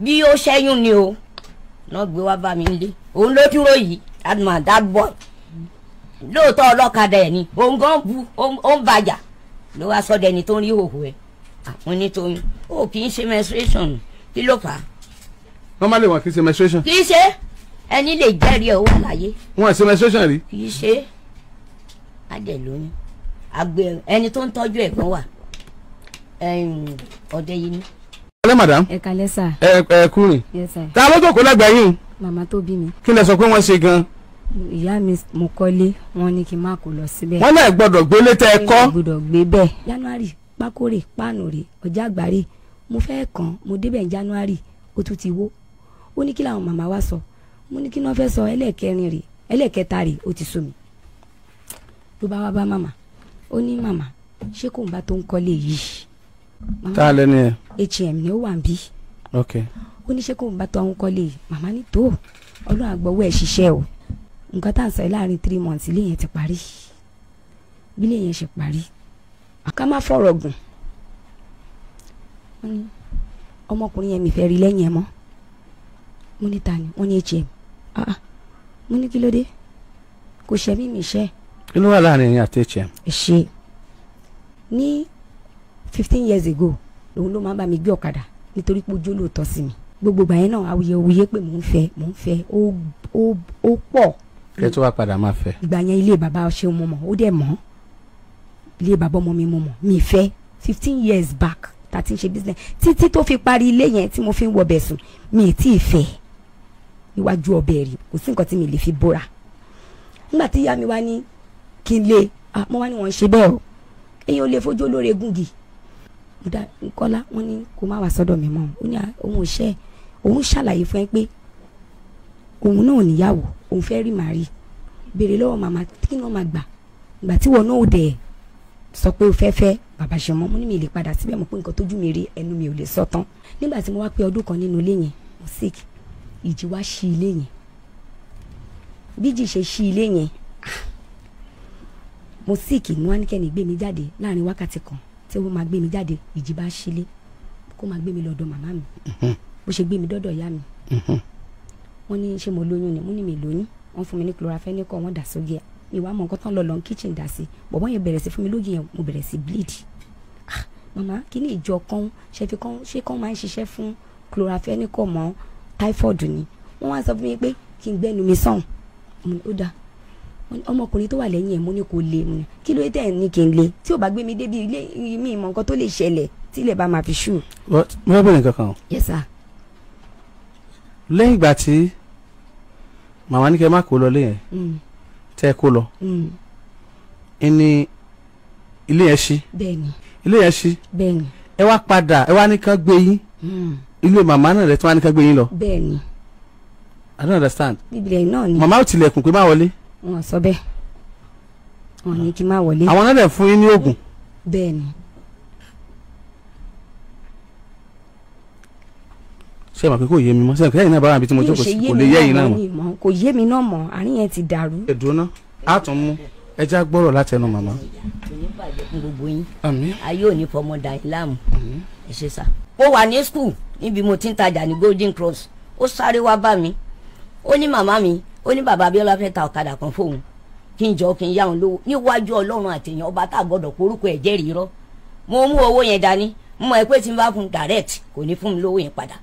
bí ó ṣẹ́yún ni o náà gbé wá bá mi ń dé òun ló dúró yìí that man that boy lóòótọ́ ọlọ́kadà ẹ̀ ni òun gan bu ó ń bàjà ló wá sọ́dọ̀ ẹni tó ń rí òhò ẹ̀ àwọn nítorí ó kì í ṣe menstruation kí ló fà á. wọ́n má lè wọ́n kì í ṣe menstruation. kì í ṣe ẹni lè jẹ́rìí ẹ̀ wà láyé. wọ́n ṣe menstruation rí. kì í ṣe adẹ̀ lóyún àgbẹ̀ ẹni tó ń tọ́jú ẹ̀ gan wà ọ̀dẹ yìí ni ẹlẹ́ madam. ẹ kalẹ́ sa. ẹ ẹ kúrin. yes sir. ta ló jókòó lẹ́gbẹ̀ẹ́ yín. màmá tó bí mi. kí lẹ sọ pé wọ́n ṣe gan-an. ìyá mi mo kọ́lé wọn ní kí n má kó lọ síbẹ̀. wọ́n lẹ̀ gbọ́dọ̀ gbélé tẹ́ ẹ kọ́. gbọ́dọ̀ gbé bẹ́ẹ̀. january pákórè páànù rè ọjà àgbáre mo fẹ́ kàn mo débẹ̀ january ó tún ti wó ó ní kí làwọn màmá wa sọ mo ní kí ni wọ́n fẹ́ sọ ẹlẹ́ẹ̀kẹrin rè ẹlẹ́ẹ̀kẹta rè ó ti sú mi ló bá wá bá màmá ó ní màmá ṣé kò ń bá tó ń kọ́lé yìí tá a lẹ́nu hm ni ó wà ok. ó ní ṣé kó n bá tó àwọn kọ́lé màmá ní tó ọlọ́run àgbọ̀wọ́ ẹ̀ ṣiṣẹ́ o nǹkan tá à ń sọ láàrin three months ilé yẹn ti parí bí ilé yẹn ṣe parí ká má fọ̀rọ̀ gùn ní ní hm ah mo ní kí ló dé kò hm. ṣe ní fifteen years ago òun ló máa ń bá mi gbé ọ̀kadà nítorí pé ojú olóòótọ́ sí mi gbogbo ìgbà yẹn náà awuyewuye pé mò ń fẹ́ mò ń fẹ́ ó ó pọ̀. kẹ́ tó wá padà máa fẹ́. ìgbà yẹn ilé bàbá ṣe mo mọ̀ ó dẹ̀ mọ̀ ilé bàbá ọmọ mi mo mọ̀ mi fẹ́ fifteen years back ta ti ń ṣe business títí tó fi parí ilé yẹn tí mo fi ń wọbẹ̀ sùn mi tí ì fẹ́ iwájú ọbẹ̀ rí kò sí nǹkan tí mi lè fi bóra nígbà tí ìyá mi wá ní kí n lé ah, mo wá ní wọn ṣe bẹ́ẹ̀ o èèyàn ò lè fojú olóore gùn gì Kọ́lá wọ́n ní kó má wá sọ́dọ̀ mi mọ́ ó ní ah, òun ò ṣe òun ṣàlàyé fún ẹ pé òun náà níyàwó òun fẹ́ rí màrí béèrè lọ́wọ́ màmá kí náà máa gbà gbà tí wọn náà ò dẹ̀ sọ pé o fẹ́ fẹ́ bàbá ṣe mọ́ mo ní mi lè padà síbẹ̀ mo pé nǹkan tójú mi rí ẹnu mi ò lè sọ tán nígbà tí mo wá pé ọdún kan nínú ilé yẹn mo sick ìjì wá ṣí ilé yẹn bíjì ṣe ṣí ilé yẹn ah, mo sick ni wọn kẹ́ni gbé mi jáde láàrin wákàtí kan tí wọ́n máa gbé mi jáde ìjì bá ṣílé kó máa gbé mi lọ́dọ̀ màmá mi mhm. bó ṣe gbé mi dọ́dọ̀ ìyá mi mhm. wọ́n ní ṣé mo lóyún ni mo ní mi lóyún wọ́n fún mi ní chloramphenicol wọ́n dà sóge ìwà mọ̀ nǹkan tán lọ lọ́n kitchen dà sí bọ̀bọ́ yẹn bẹ̀rẹ̀ sí fún mi lóye yẹn mo bẹ̀rẹ̀ sí bleed ah màmá kí ni ìjọ kan ṣe fi kan ṣé kan máa ń ṣiṣẹ́ fún chloramphenicol mọ́ typhoid ni wọ́n wá sọ fún mi pé kí n gbẹ́nu mi sàn ó dáa ọmọkùnrin tó wà lẹ́yìn ẹ̀ mo ní kò le mu ni kí ló dé ní kí n le tí ò bá gbé mi débi ilé mi ìmọ̀ nǹkan tó lè ṣẹlẹ̀ tí ilẹ̀ bá máa fi ṣù. mo fẹ́ bẹ̀rẹ̀ nǹkan kan. yes sir. lẹ́yìn ìgbà tí màmá ní kẹ́ má kó lọ lé yẹn mm. tẹ́ kó lọ mm. ẹni ilé yẹn ṣí ilé yẹn ṣí ẹ wá padà ẹ wá ní kán gbé yín mm. ilé màmá náà rẹ tí wọ́n á ní kán gbé yín lọ. bẹ́ẹ̀ni. i don't understand. bíbélì náà ni. màmá ò tilẹ̀kùn pé má wọlé wọn sọ bẹ́ẹ̀ wọn ní kí n má wọlé. àwọn náà dẹ̀ fún yín ní oògùn. bẹ́ẹ̀ ni. ṣé ìmọ̀ pé kò yé mi mọ́ ṣé ìkẹyìn náà bára mi tí mo jókòó sí kò lè yé yín náà mọ́. kò yé mi náà mọ́ àárín yẹn ti dàrú. ẹ̀dùnná á tún mú ẹja gbọ́rọ̀ láti ẹnu màmá. kò bàjẹ́ fún gbogbo yín ayé ò ní fọmọ dà yín láàmú ẹ ṣe sá. mo wà ní skul níbi mo ti ń tajà ní golden cross ó sáré wá bá mi ó ní màmá mi ó ní bàbá Abíọ́lá fẹ́ ta ọ̀kadà kan fóun kí n jọ kí n yá òun lówó níwájú Ọlọ́run àtèèyàn ọba tá a gbọ́dọ̀ porúkọ ẹ̀ jẹ́rìí rọ́ mo mú owó yẹn dání mo mọ̀ pé tí n bá fún direct kò ní fún mi lówó yẹn padà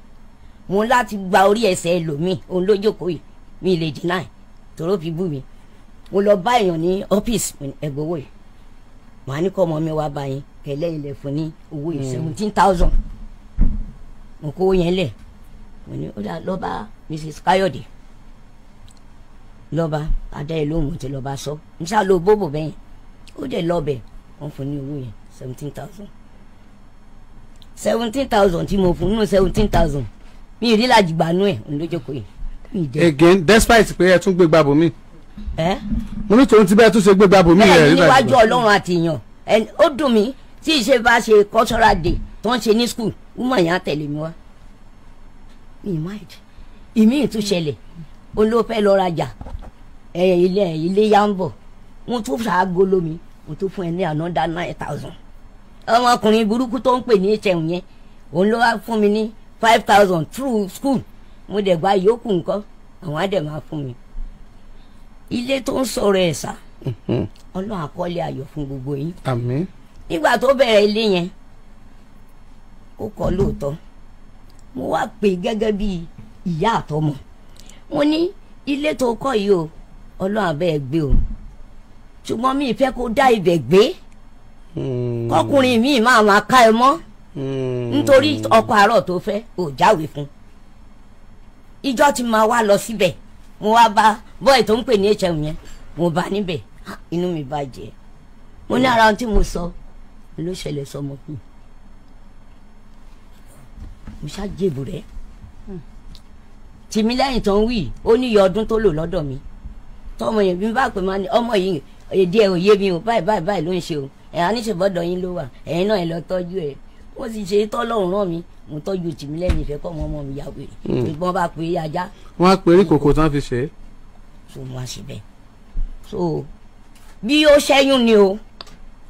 mo láti gba orí ẹsẹ̀ ẹlòmíì òun ló jókòó yìí mi lè dínà ẹ̀ tòró fi bú mi mo lọ bá èèyàn ní ọ́fíìsì ẹ̀gbọ́wọ́ yìí màá ní kọ́ ọmọ mi wá bá yín kẹlẹ́ ilẹ̀ fún ní owó yìí hmm. seventeen thousand mo kó yẹn lẹ̀ mo ní ó dà lọ bá Mrs. Kayode lọ́ba adá ẹ̀ lóhùn ti lọ́ba sọ n ṣáà lo bóbò bẹ́yẹn ó dẹ̀ lọ́bẹ̀ wọ́n fún ní owó yẹn seventeen thousand seventeen thousand tí mo fún nínú seventeen thousand mi ì rí làjìgbà nú ẹ̀ ń lójókòó yìí. again despite pé ẹ tún gbé gbàbọ mi. ẹ. mo ní tòun ti bẹ́ẹ̀ tún ṣe gbé gbàbọ mi rẹ̀ nígbà tí. bẹ́ẹ̀ ni níwájú ọlọ́run àti èèyàn ó dùn mí tí ìṣe bá ṣe cultural day tó ń ṣe ní school wúmọ̀ yẹn á tẹ̀lé mi wá. mi mind ìmí ìtúnṣẹlẹ̀ olóòfẹ́ lọ rajà ilé ilé ya ń bọ̀ wọ́n tún ṣàgó lómi wọ́n tún fún ẹ ní another nine thousand ọmọkùnrin burúkú tó ń pè ní ìṣẹ̀hùn yẹn òun ló mi ní five thousand through school mo dẹ̀ gba ìyókù nǹkan àwọn á dẹ̀ máa fún mi ilé tó ń sọ̀rọ̀ ẹ̀ ọlọ́run fún gbogbo yín àmín nígbà tó bẹ̀rẹ̀ ilé yẹn ó kọ́ lóòótọ́ mo wá pè gẹ́gẹ́ bí ìyá àtọmọ ní ilé tó ọlọ́run abẹ́ ẹ gbé o ṣùgbọ́n mi ìfẹ́ kó dá ibẹ̀ gbé hmm. kọkùnrin mi máa máa ká ẹ mọ́ hmm. nítorí ọkọ àárọ̀ tó fẹ́ ò jáwèé fún ìjọ tí máa wá lọ síbẹ̀ mo wá bá bọ́ọ̀ tó ń pè ní hm yẹn mo bá níbẹ̀ ah, inú mi bàjẹ́ mo ní ara ohun tí mo sọ ló ṣẹlẹ̀ sọmọ fún mi ṣáà jèbù rẹ̀ hmm. tìmílẹ́yìn tó ń wí ó ní ọdún tó lò lọ́dọ̀ mi tọmọ yẹn bí n bá pè máa ní ọmọ yìí èdè ẹ ò yé mi o báyìí báyìí báyìí ló ń ṣe o ẹ̀yà níṣẹ́bọ́dọ̀ yín ló wà ẹ̀yin náà ẹ lọ tọ́jú ẹ̀ wọ́n sì ṣe tọ́lọ́run rán mi mo tọ́jú tìmí lẹ́yìn ìfẹ́ kọ́ ọmọ ọmọ mi yàwé hmm. wọ́n bá pè é ajá. wọ́n á pè é kòkò tán fi ṣe é. so mo á ṣe bẹ́ẹ̀ so bí ó ṣẹ́yún ni o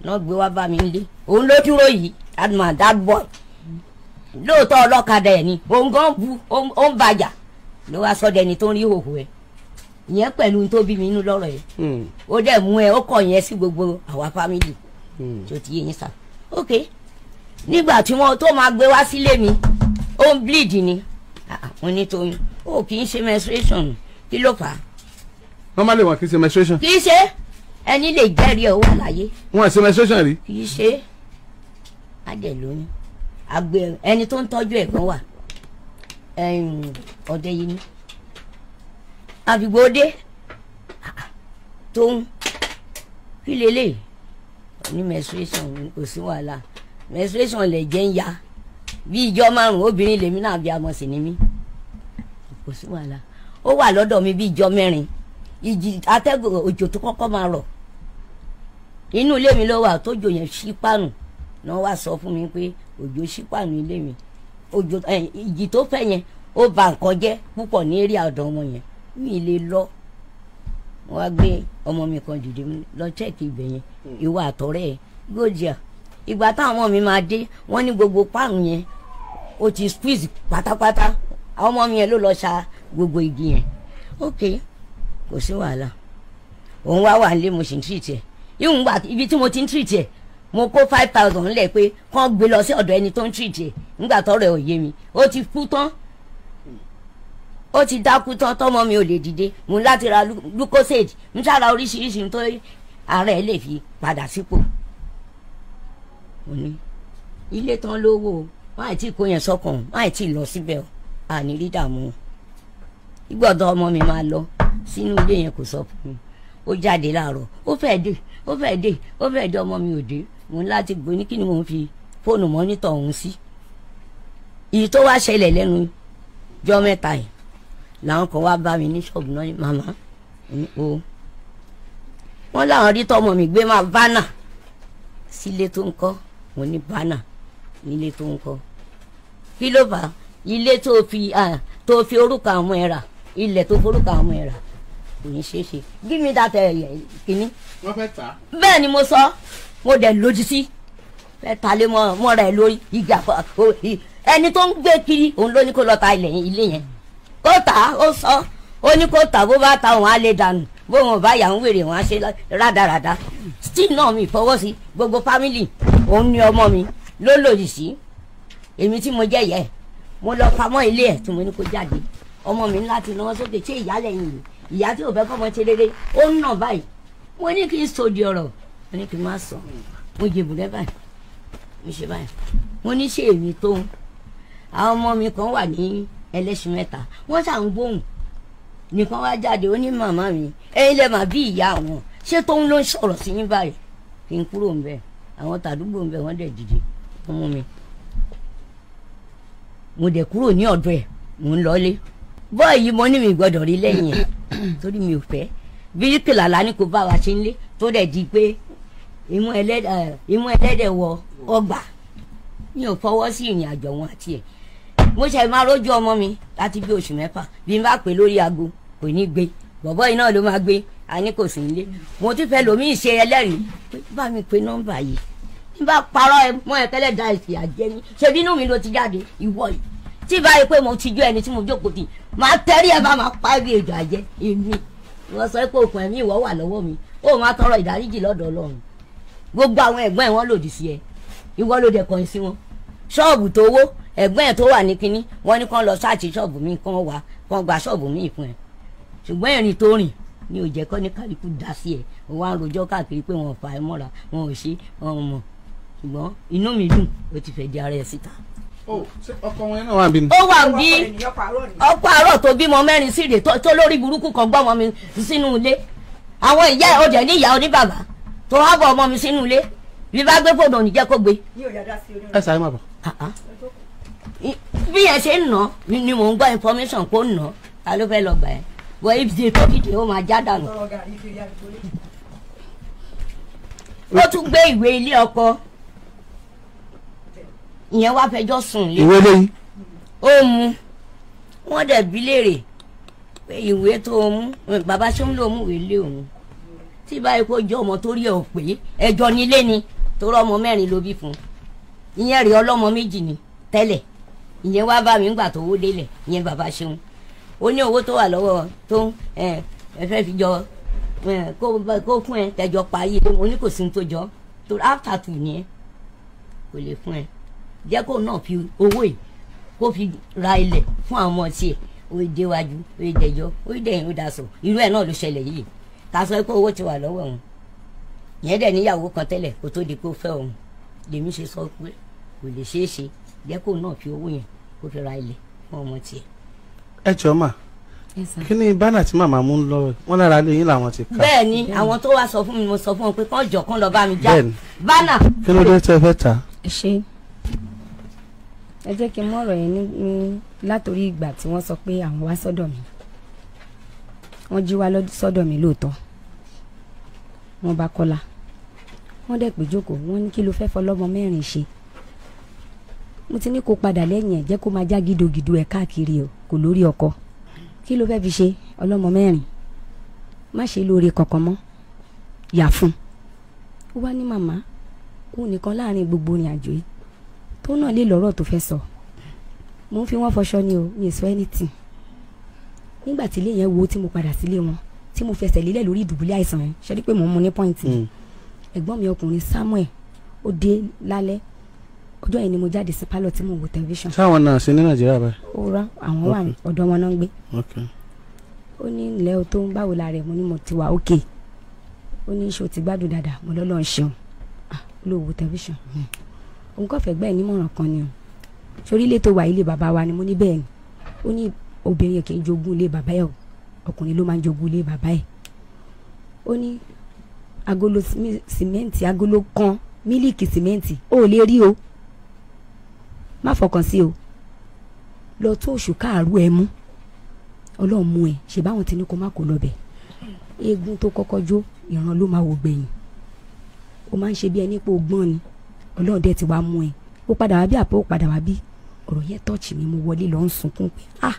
náà gbé wá bá mi nílé òun ló dúró yìí that man that boy lóòótọ́ ọlọ́kadà ẹ̀ ni òun gan bu ó ń bàjà ló wá sọ́dọ̀ ẹni tó ń rí òhò ẹ̀ ìyẹn pẹ̀lú tó bí mi nínú lọ́rọ̀ yìí hmm. ó dẹ̀ mú ẹ ó kọ̀ yẹn sí gbogbo àwa fámìlì tó hmm. ti yé yín sá ok nígbà tí wọn tó máa gbé wá sílé mi ó ń bleed ni ah, mo ní Tóyìn ó kì í ṣe menstruation kí ló fà á. wọ́n má lè wọ́n kì ṣe menstruation. kì í ṣe ẹni lè jẹ́rìí ẹ̀ wà láyé. wọ́n ṣe menstruation rí. kì í ṣe adẹ̀ àgbẹ̀ ẹni tó ń tọ́jú ẹ̀ wà ọ̀dẹ yìí ni àfìgbò dé tóun kí leléyìí ní menstruation kò sí wàhálà menstruation lè jẹ́ ń ya bí ìjọ márùn obìnrin lèmi náà bí amọ̀ sí ni mí kò sí wàhálà ó wà lọ́dọ̀ mi bí ìjọ mẹ́rin ìjì atẹ́gùn òjò tó kọ́kọ́ máa rọ̀ inú ilé mi ló wà tójò yẹn ṣípànù náà wá sọ fún mi pé òjò ṣípànù ilé mi òjò ìjì tó fẹ́ yẹn ó bà nǹkan jẹ́ púpọ̀ ní eré àdán ọmọ yẹn mi lè lọ wọn wá gbé ọmọ mi kan dìde lọ chẹ́ẹ̀kì ibẹ̀ yẹn hmm. ìwà àtọ̀rẹ́ ẹ̀ gòjìà ìgbà táwọn ọmọ mi máa dé wọ́n ní gbogbo páànù yẹn ó ti squeeze pátápátá àwọn ọmọ mi yẹn ló lọ sa gbogbo igi yẹn ok kò sí wàhálà òun wá wà nílé mo sì ń treat ẹ ìhùn gbà ibi tí mo ti ń treat ẹ mo kó five thousand lẹ̀ pé kán gbé lọ sí ọ̀dọ̀ ẹni tó ń treat ẹ nígbà tọrọ ẹ ò yé mi ó ti kú tán ó ti dákú tán tọmọ mi ò lè dìde mo ń láti ra lucosade ń sára oríṣiríṣi tó ara ẹ lè fi padà sípò òní ilé tán lówó wọn àìtí kó yẹn sọkàn wọn àìtí lọ síbẹ̀ o àní rí dààmú ìgbọ̀dọ̀ ọmọ mi máa lọ sínú ilé yẹn kò sọ fún mi ó jáde láàárọ̀ ó fẹ́ dé ó fẹ́ dé ó fẹ́ dé ọmọ mi ò dé mo ń láti gbó ní kí ni mo ń fi fóònù mọ́nítọ̀ ọ̀hún sí èyí tó wá ṣẹlẹ̀ lẹ́nu jọ́ mẹ́ta yìí làwọn kan wá bá mi ní ṣọ́ọ̀bù náà màmá o wọ́n láwọn rí tọmọ mi gbé máa bánà sílé tó ń kọ́ mo ní bánà nílé tó ń kọ́ kí ló bá ilé tó fi tó fi orúkọ àwọn ẹ̀ rà ilẹ̀ tó forúkọ àwọn ẹ̀ rà kò ní ṣeé ṣe give me that eh, kínní. wọ́n fẹ́ tà á. bẹ́ẹ̀ ni mo sọ mo dẹ̀ lòdì sí fẹ́ ta lé mọ́ mọ́ra ẹ̀ lórí igi àpò ẹni tó ń gbé kiri òun ló ní kó lọ́ọ́ ta ilé yẹn kó tà á ó sọ ó ní kó tà bó bá ta òun á lè dànù bó wọn bá yà ń wèrè wọn á ṣe rádaràda still náà mi fọwọ́ sí gbogbo family òun ni ọmọ mi ló lòdì sí èmi tí mo jẹ́ yẹ mo lọ pamọ́ ilé ẹ̀ tí mo ní kó jáde ọmọ mi láti náwó sókè ṣé ìyálẹ̀ yìí ìyá tí ò fẹ́ kọ́ ọmọ ṣe rere ó ń nà báyìí mo ní kí n sòdì ọ̀rọ̀ mo ní kí n má sọ mo jèbù rẹ báyìí mo ṣe báyìí mo ní ṣe èmi tó àwọn ọmọ mi kan wà ní ẹlẹ́sìn mẹ́ta wọ́n ṣà ń gbóhùn nìkan wá jáde ó ní màmá mi ẹ̀yin lè má bí ìyá àwọn ṣé tóun ló ń sọ̀rọ̀ sí yín báyìí kí n kúrò ńbẹ̀ àwọn tàdúgbò ńbẹ̀ wọ́n dẹ̀ dìde wọ́n mú mi mo dẹ̀ kúrò ní ọ̀dọ̀ ẹ̀ mò ń lọlé bọ́ọ̀ yìí mo ní mi gbọ́dọ̀ rí lẹ́yìn ẹ̀ torí mi ò fẹ́ bí kìlàlà ni kò bá wa ṣe ń lé tó dẹ̀ di pé imú ẹlẹ́dẹ̀ wọ ọgbà mi ò fọwọ́ sí ìrìn àjò wọn àti ẹ̀ mo ṣe máa rójú ọmọ mi láti bí oṣù mẹ́fà bí n bá pè lórí aago kò ní gbé bọ̀bọ́ yìí ló máa gbé àní kò sí nílé mo tún fẹ́ lòmíì ṣe ẹlẹ́rìí pé bá mi pe nọ́mbà yìí n bá parọ́ ẹ mọ́ ẹ tẹ́lẹ̀ da ìsì àjẹ́ mi ṣe bínú mi ló ti jáde ìwọ yìí tí báyìí pé mo ti jó ẹni tí mo jókòó tì máa tẹ́rí ẹ bá máa parí èjò àjẹ́ èmi wọ́n sọ pé okùn ẹ̀mí ìwọ wà lọ́wọ́ mi ó máa tọrọ ìdáríjì lọ́dọ̀ ọlọ́run gbogbo àwọn ẹ̀gbọ́n ẹ̀ wọ́n lòdì sí ẹ ìwọ ló dẹ̀ kọ̀yìn sí wọn ṣọ́ọ̀bù tó wó ẹ̀gbọ́n ẹ̀ tó wà ní kínní wọ́n ní kán lọ ṣáàtì ṣọ́ọ̀bù mi kán wá kán gba ṣọ́ọ̀bù mi fún ẹ̀ ṣùgbọ́n ẹ̀rìn tó rìn ni ò jẹ́ kọ́ ní kálukú dá sí ẹ̀ ó wá ń rojọ́ káàkiri pé wọn ò fa ẹ mọ́ra wọn ò ṣe wọn ò mọ̀ ṣùgbọ́n inú mi dùn ó ti fẹ́ di ara ẹ̀ síta. ọkọ wọn náà wà bí. ó wà bí ọkọ àárọ̀ tó bímọ mẹ́rin sí rè tó lórí burúkú kan gbọ́ ọmọ mi sínú ilé àwọn ìyá ẹ̀ ní ìyá oníbàbà tó wá bọ̀ ọmọ mi sínú ilé bí bá gbé fòdò níjẹ́ kó gbé. ẹ sáré má bọ̀. Ah, ah bí yẹn ṣe ń nà ni mò ń gbọ́ information kó nà ta ló fẹ́ lọ gbà ẹ́ wọ́n ibi tí tó dìde ó máa já dànù. ó tún gbé ìwé ilé ọkọ ìyẹn wá fẹjọ́ sùn lé. ìwé lẹ́yìn. ó mu wọ́n dẹ̀ bí léèrè pé ìwé tó o mú bàbá sọ́mú ló mú ìwé lé òun tí báyìí kó jẹ́ ọmọ tó rí ẹ̀ ò pé ẹjọ́ nílé ni tó rọ́ ọmọ mẹ́rin ló fún un ìyẹn rí ọlọ́mọ méjì ni tẹ́lẹ̀ ìyẹn wá bá mi ń gbà tó owó délẹ̀ ìyẹn bàbá ṣeun ó ní owó tó wà lọ́wọ́ tó ẹ fẹ́ fi jọ kó fún ẹ tẹjọ parí ó ní kò sí tó jọ tó after two yẹn kò lè fún ẹ jẹ́ kó náà fi owó yìí kó fi ra ilẹ̀ fún àwọn ọmọ tiẹ̀ ó déwájú ó dẹjọ́ ó dẹ̀yìn ó daṣọ irú ẹ̀ náà ló ṣẹlẹ̀ yìí ta sọ pé owó ti wà lọ́wọ́ òun yẹn dẹ̀ níyàwó kan tẹ́lẹ̀ kó tó di pé fẹ́ òun lèmi ṣe sọ pé kò lè ṣeé ṣe jẹ́ kó náà fi owó yẹn kó fi ra ilé fún ọmọ tiẹ̀. ẹ jọ mà kí ni bánà tí màmá mú ń lọ wọn lára ilé yín làwọn ti ká. bẹ́ẹ̀ ni àwọn tó wá sọ fún mi mo sọ fún wọn pé kán jọ kán lọ bá mi já bánà. kí ló dé tẹ́ fẹ́ ta. ṣe ẹ jẹ́ kí n mọ̀rọ̀ yẹn ní látòrí ìgbà tí wọ́n sọ pé àwọn wá sọ́dọ̀ mi wọ́n jí wá sọ́dọ̀ mi lóòótọ́ wọ́n bá kọ́lá wọ́n dẹ̀ pé jókòó wọ́n ní kí ló fẹ́ fọlọ́mọ mẹ́rin ṣe mo ti ní kó padà lẹ́yìn ẹ̀ jẹ́ kó máa já gídogìdo ẹ̀ káàkiri o kò lórí ọkọ kí ló fẹ́ẹ́ fi ṣe ọlọ́mọ mẹ́rin má ṣe lóore kankan mọ́ yà fún ó wá ní màmá òun nìkan láàrin gbogbo ìrìn àjò yìí tó náà lè lọ́rọ̀ tó fẹ́ sọ mo ń fi wọ́n fọṣọ ni o mi ì sọ anything nígbà tí ilé yẹn wo tí mo padà sílé wọn tí mo fẹsẹ̀ lélẹ̀ lórí ìdùbúlẹ̀ àìsàn yẹn ṣe rí pé mò ń mu ní pọ́ìntì hmm. ẹ̀gbọ́n mi ọkùnrin Samuel ó dé lálẹ́ ọjọ́ yẹn ni mo jáde sí pálọ̀ tí mo wò tẹlifíṣàn. sáwọn náà sí ní nàìjíríà báyìí. ó rà àwọn wà ní ọ̀dọ̀ wọn náà ń gbé. ó ní ilẹ̀ tó ń báwo la rẹ̀ mo ní mo ti wà ókè ó ní iṣẹ́ ò ti gbádùn dáadáa mo lọ́lọ́ ń ṣeun ló wò tẹlifíṣàn. Hmm. òun kò gbẹ́ ẹ̀ kan ni o sórí ilé tó wà ilé bàbá wa ni mo ní bẹ́ẹ̀ ni ó ní obìnrin kì í jogún ilé bàbá ẹ̀ ọkùnrin ló máa ń jogún ilé bàbá ẹ̀ ó ní agolo sìmẹ́ǹtì agolo kan miliki sìmẹ́ǹtì ó lè rí o má fọkàn sí o lọ tó oṣù káàrú ẹ mú ọlọ́run mú ẹ ṣe báwọn ti ní kó má kó lọ bẹ̀ eégún tó kọ́kọ́ jó ìran ló máa wò gbẹ̀yìn o máa ń ṣe bí ẹni pé o gbọ́n ni ọlọ́run dẹ̀ ti wá mú ẹ ó padà wá bí àpò ó padà wá bí ọ̀rọ̀ yẹn tọ́ọ̀chì mi mo wọlé lọ ń sunkún pé ah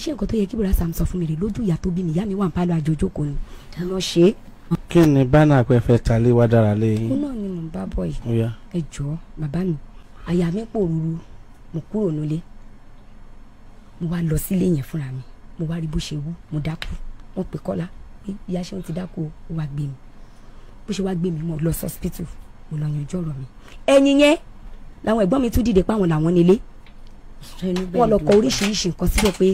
ṣé nǹkan tó yẹ kí bùrọ̀dá Sam sọ fún mi rè lójú ìyá tó bí mi ìyá mi wà ń pálọ̀ àjòjò kò ní lọ ṣe kí ni bánà pẹ́ fẹ́ ta wá dára lé yín. ó ni mò ń bá bọ̀ yìí ẹ jọ̀ọ́ bàbá mi àyà mi pòrúurú mo kúrò nílé mo wá lọ sílé yẹn fúnra mi mo wá rí bó ṣe wú mo dákú wọn pè kọ́lá pé ìyá ṣéun ti dákú ó wá gbé mi bó ṣe wá gbé mi mo lọ sọ́spítù mo lọ yanjú ọ̀rọ̀ mi ẹ̀yìn yẹn làwọn ẹ̀gbọ́n mi tún dìde páwọn làwọn nílé wọn lọ kọ oríṣiríṣi nǹkan síbẹ̀ pé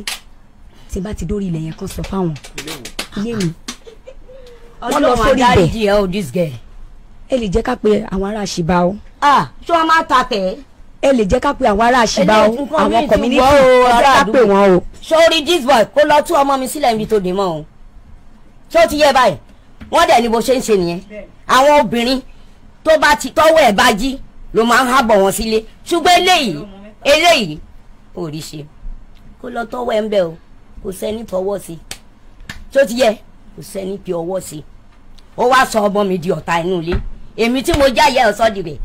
tí n bá ti dórí ilẹ̀ yẹn kan sọ fáwọn ilé mi ah. wọn lọ sórí ibẹ̀ ẹ lè jẹ́ ká pe àwọn ará àṣìbá o ah ṣé wọn máa ta tẹ. ẹ lè jẹ́ ká pe àwọn ará àṣìbá o àwọn community ẹ jẹ́ ká pe wọn o. sórí this boy kó lọ tú ọmọ mi sílẹ̀ níbi tó dé mọ́ o ṣé ó ti yẹ báyìí wọ́n dẹ̀ ni bó ṣe ń ṣe nìyẹn àwọn obìnrin tó bá ti tọ́wọ́ ẹ̀ bá jí ló máa ń hábọ̀ wọn sílé ṣùgbọ́n eléyìí eléyìí ò rí ṣe kó lọ tọ́wọ́ ẹ̀ ń bẹ̀ o kò sẹ́ni tọwọ́ sí i tó ti yẹ kò sẹ́ni fi ọwọ́ sí i ó wá sọ ọmọ mi di ọ̀tá inú ilé èmi tí mo jáyẹ ọ̀sọ́ dìbẹ̀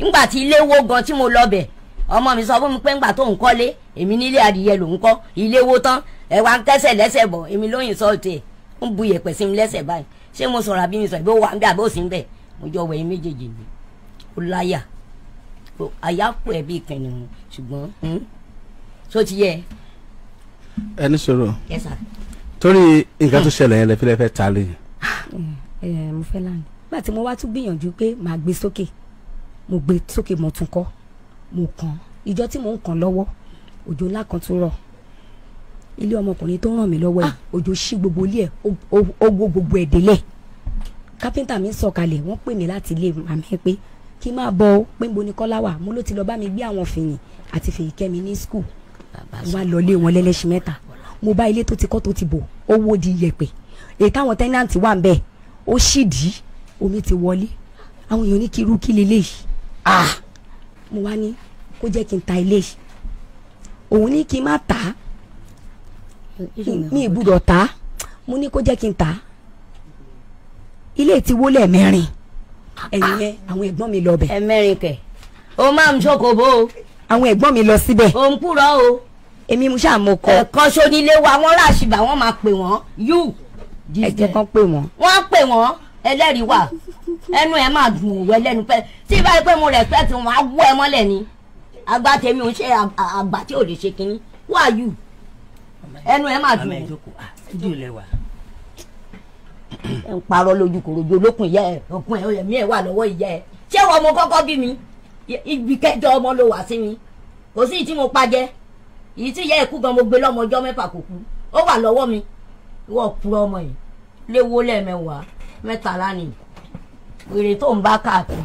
ńgbà tí ilé wó gan tí mo lọ bẹ̀ ọmọ mi sọ fún mi pé ńgbà tó ń kọ́lé èmi nílé adìyẹ ló ń kọ́ ilé wó tán ẹ wá ń kẹ́sẹ̀ lẹ́sẹ̀ bọ̀ èmi lóyìn sọ tè ń bu yẹ̀pẹ̀ sí mi lẹ́sẹ̀ báyìí ṣé mo sọ̀rọ̀ àbí mi sọ̀rọ̀ ìbí ó wà ń bẹ̀ àbí ó sì ń bẹ̀ mo jọ wẹ̀ yín méjèèjì mi ó láyà àyà kù ẹ̀ bí ìkànnì mu ṣùgbọ́n tó hmm? ti yẹ. ẹ ní sọ̀rọ̀ torí nǹkan tó hmm. ṣẹlẹ̀ yẹn lẹ́fẹ́lẹ́fẹ́ ta lè. Ah, eh, mo fẹ́ lánàá nígbà tí mo wá tún gbìyànjú pé màá gbé sókè. Okay mo gbé sókè mo tún kọ́ mo kàn ìjọ tí mò ń kàn lọ́wọ́ òjò ńlá kan tún rọ̀ ilé ọmọkùnrin tó ràn mí lọ́wọ́ yìí ah! òjò ṣí gbogbo ilé ẹ̀ ó wó gbogbo ẹ̀ délẹ̀ kápẹ́ńtà mi sọ̀kalẹ̀ wọ́n pè mí láti ilé màmí pé kí n máa bọ̀ ọ́ pé nbo ni kọ́lá wà mo ló ti lọ bá mi gbé àwọn fìyìn àti fìyìn kẹ́mi ní skul wọ́n á lọ lé wọn lẹ́lẹ́sìn mẹ́ta mo bá ilé tó ti kọ́ tó ti bò ó wó di yẹ̀pẹ̀ èyí táwọn tẹ́ńtì wà ń bẹ̀ ó ṣì dì omi ti wọlé àwọn èèyàn ní kí irú kí leléyìí ah mo wá ní kó jẹ́ kí n ta ilé yìí òun ní kí n má tà mi ìgbúdọ̀ tà á mo ní kó jẹ́ kí n tà á ilé ti wó lẹ́ẹ̀mẹ́rin ẹ̀yìn ah! yẹn àwọn ẹ̀gbọ́n mi lọ bẹ̀. ẹ̀mẹ́rin kẹ̀ o máa ń ṣokòbó o. àwọn ẹ̀gbọ́n mi lọ síbẹ̀. ò ń kúrọ̀ o. èmi mo ṣáà mo kọ. ẹ̀kọ́ sonilé wa wọ́n ráṣìbà wọ́n máa pè wọ́n yù. ẹ̀jẹ̀ kan pè wọ́n. wọ́n pè wọ́n ẹlẹ́rìí wà ẹnu ẹ máa dùn òwò ẹlẹ́nu pẹ́ tí ìbá pẹ́ mo respect wọn á wọ́ ẹ mọ́lẹ̀ ni àgbà tèmi ò ń ṣe àgbà tí ò lè ṣe kínní who are you ẹnu ẹ máa dùn ah, ẹ ń parọ́ lójú kòròjò olókùn ìyá ẹ òkun ẹ ẹ̀mí ẹ wà lọ́wọ́ ìyá ẹ ṣé wọn mo kọ́kọ́ bí mi ibi kẹjọ ọmọ ló wà sí mi kò sí ìtí mo pajẹ èyí tí ìyá ẹ gan mo gbé lọ́mọ ọjọ́ mẹ́fà kò kú ó wà lọ́wọ́ mi ìwọ kúrọ ọmọ yìí léwó lẹ́ẹ̀mẹwàá mẹ́tàlá nìyí wèrè tó ń bá káàkiri.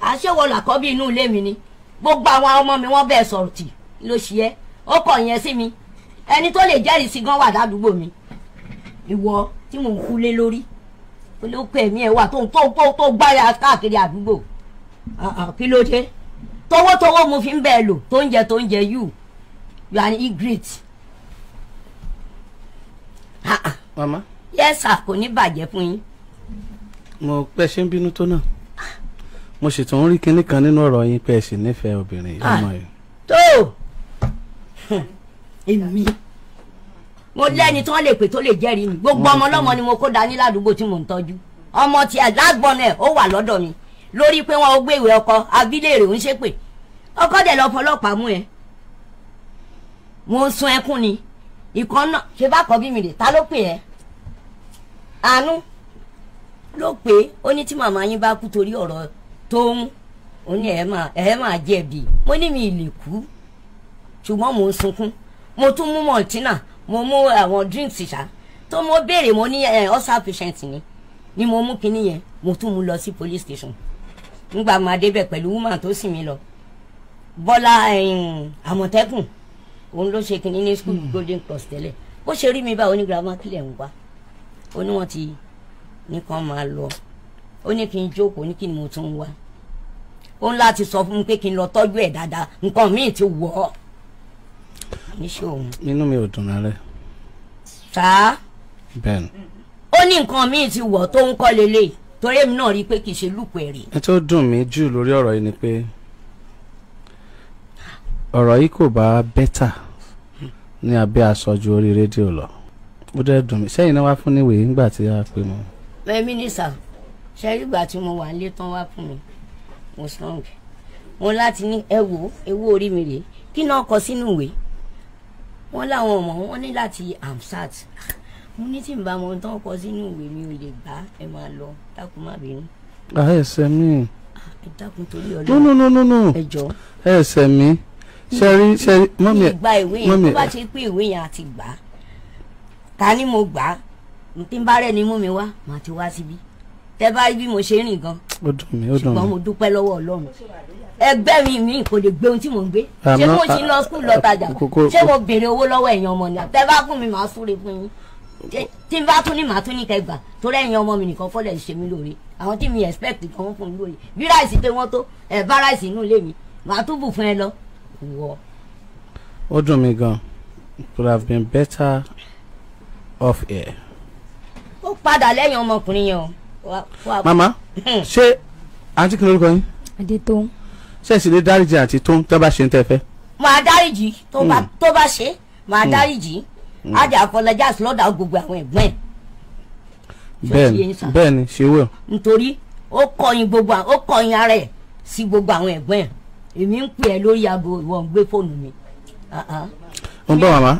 àṣewọ làkọ́bí inú ilé mi ni gbogbo àwọn ọmọ mi wọ́n bẹ́ẹ̀ sọ̀rọ̀ tì ló ṣe é ó kọ̀ yẹn sí mi ẹni tó lè jẹ́rìí sí gan wà ládùúgbò mi ìwọ tí mò ń kú lé lórí olóko ẹ̀mí ẹ̀ wà tó tó tó tó gbára káàkiri àdúgbò kí ló dé tọwọ́tọwọ́ mo fi ń bẹ́ẹ̀ lò tó ń jẹ tó ń jẹ you you are an ingrate mama. yes sir kò ní bàjẹ́ fún yín. mo pẹ́ ṣe ń bínú tó náà mo sì tún rí kinní kan nínú ọ̀rọ̀ yín pé ẹ sì nífẹ̀ẹ́ obìnrin yìí ah, ọmọ yìí. tó èmi mo lẹ́ni tí wọ́n lè pè tó lè jẹ́rìí mi gbogbo ọmọ ọlọ́mọ ni mo kó dání ládùúgbò tí mò ń tọ́jú ọmọ tí àgbọ̀n ẹ̀ ó wà lọ́dọ̀ mi lórí pé wọn ò gbé ìwé ọkọ abílẹ̀rẹ̀ ń ṣépè ọkọ dẹ̀ lọ fọlọ́pàá mú ẹ mo sun ẹkún ni ìkan náà ṣe bá kọ́ bí mi rè ta ló pè ẹ́ àánú ló pé ó ní tí màmá yín bá kú torí ọ̀rọ̀ tó ń ó ní ẹ̀ máa ẹ̀ máa jẹ̀bi mo ní mi lè kú ṣùgbọ́n mo ń sunkún mo tún mú mọ̀tínà mo mú àwọn drinks ṣá tó mo béèrè mo ní ulcer patient ni ni mo mú kinní yẹn mo tún mú lọ sí police station ngbà máa débẹ̀ pẹ̀lú woman tó sì mí lọ bọ́lá àmọ̀tẹ́kùn òun ló ṣe kínní ní school hmm. golden cross tẹ́lẹ̀ bó ṣe rí mi báyìí oní girama kílẹ̀ ń wá ó ní wọ́n ti ní kàn máa lọ ó ní kí n jókòó ní kí ni mo tún ń wá ó ń láti sọ fún mi pé kí n lọ tọ́jú ẹ̀ dáadáa nǹkan míì ti wọ̀ ọ́ níṣẹ́ òun. inú mi ò dùn rárẹ̀. sáà. bẹ́ẹ̀ni. ó ní nǹkan míì ti wọ̀ tó ń kọ́ lélẹ̀ torí èmi náà rí i pé kì í ṣe lùpẹ̀ rí. ẹ tó dùn mí jù lórí ọ̀rọ̀ yìí ni pé. Pe ọ̀rọ̀ yìí kò bá bẹ́tà ní abẹ́ aṣojú orí rédíò lọ ó dẹ́ dùn mí sẹ́yìn náà wá fún níwèé ńgbà tí a pè mọ́. ẹ̀mí ní sà ìgbà tí mo wà nílé tán wá fún mi mo strong wọn láti ní ẹ wo ewu orí mi rèé kí náà kọ sínú ìwé wọn láwọn ọmọ wọn ní láti amsat mo ní tí n bá mọ ohun tán kọ sínú ìwé mi ò lè gbà ẹ máa lọ dákun má bínú. àìsàn ah, mi. Ah, dákun torí Ọlọ́run ẹjọ́. ẹsẹ̀ mi. No, no, no, no, no sẹ́rí sẹ́rí mọ́mí ẹ̀ ìgbà ìwé yẹn tó bá ṣe pé ìwé yẹn àti gbà á ta ni mo gbà á tí n bá rẹ̀ ni mú mi wá mà ti wá síbí tẹ́ bá bí mo ṣe rìn gan ṣùgbọ́n mo dúpẹ́ lọ́wọ́ Ọlọ́run ẹgbẹ́ mi mi kò lè gbé ohun tí mò ń gbé ṣé mo ti lọ skul lọ tajà ṣé mo béèrè owó lọ́wọ́ ẹ̀yin ọmọ náà tẹ́ bá fún mi màá súre fún yín tí n bá tún ní màá tún ní kẹgbà torí ẹ̀yin ọmọ mi nìkan fọ́lẹ̀ ṣe mí lóore àwọn tí mi expect kan fún mi lóore bí ráìsì pé wọ́n tó ẹ̀ bá ráìsì inú ilé mi màá tún bù fún ẹ lọ wọ. ó dùn could have been better off air. ó padà lẹ́yìn ọmọkùnrin yẹn o. mama hmm. ṣé àǹtí kí lórúkọ yín. adétòun. ṣé èsì lè dáríjì àti tóun tó bá ṣe ń tẹ́ fẹ́. màá dáríjì hmm. tó bá ṣe màá hmm. dáríjì àjẹ àfọlẹjà sílọ́dà gbogbo àwọn ẹ̀gbọ́n ẹ̀. bẹ́ẹ̀ni bẹ́ẹ̀ni ṣe wọ. nítorí ó kọ̀yìn gbogbo ó kọ̀yìn ara ẹ̀ sí gbogbo àwọn ẹ̀gbọ́n ẹ̀ èmi ń pè ẹ́ lórí aago ìwọ ń gbé fóònù mi. ọ̀n ah, ah. bọ́ màmá